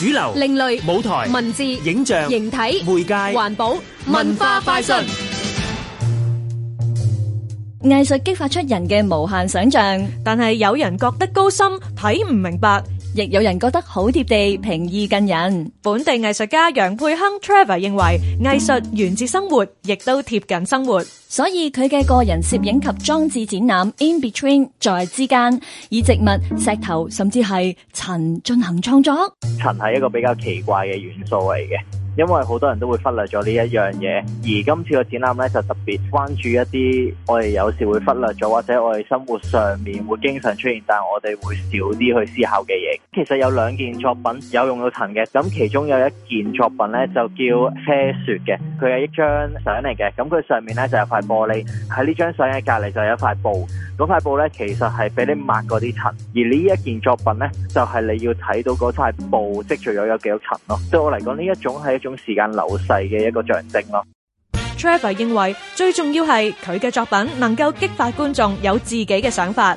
主流、另類舞台、文字、影像、形體、媒介、環保、文化快訊。藝術激發出人嘅無限想象，但係有人覺得高深，睇唔明白。亦有人覺得好貼地、平易近人。本地藝術家楊佩亨 Trevor 認為，藝術源自生活，亦都貼近生活。所以佢嘅個人攝影及裝置展覽《In Between》在之間，以植物、石頭甚至係塵進行創作。塵係一個比較奇怪嘅元素嚟嘅。因為好多人都會忽略咗呢一樣嘢，而今次個展覽呢，就特別關注一啲我哋有時會忽略咗，或者我哋生活上面會經常出現，但我哋會少啲去思考嘅嘢。其實有兩件作品有用到塵嘅，咁其中有一件作品呢，就叫《飛雪》嘅，佢係一張相嚟嘅。咁佢上面呢，就有塊玻璃，喺呢張相嘅隔離就有一塊布。嗰塊布呢，其實係俾你抹嗰啲塵，嗯、而呢一件作品呢，就係、是、你要睇到嗰塊布積聚咗有幾多塵咯、啊。對我嚟講，呢一種係中時間流逝嘅一個象徵咯。Trevor 認為最重要係佢嘅作品能夠激發觀眾有自己嘅想法。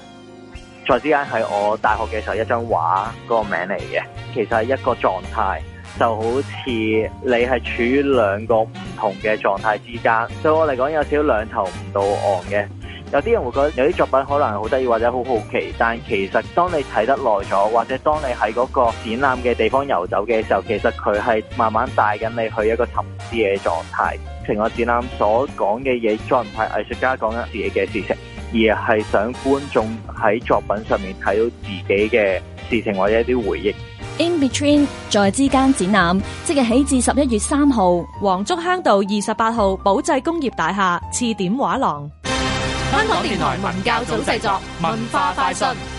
在之間係我大學嘅時候一張畫嗰個名嚟嘅，其實係一個狀態，就好似你係處於兩個唔同嘅狀態之間。對我嚟講有少少兩頭唔到岸嘅。有啲人會覺得有啲作品可能好得意或者好好奇，但其實當你睇得耐咗，或者當你喺嗰個展覽嘅地方遊走嘅時候，其實佢係慢慢帶緊你去一個沉思嘅狀態。成個展覽所講嘅嘢，再唔係藝術家講緊自己嘅事情，而係想觀眾喺作品上面睇到自己嘅事情或者一啲回憶。In between 在之間展覽，即日起至十一月三號，黃竹坑道二十八號寶濟工業大廈刺點畫廊。香港電台文教組製作，文化快訊。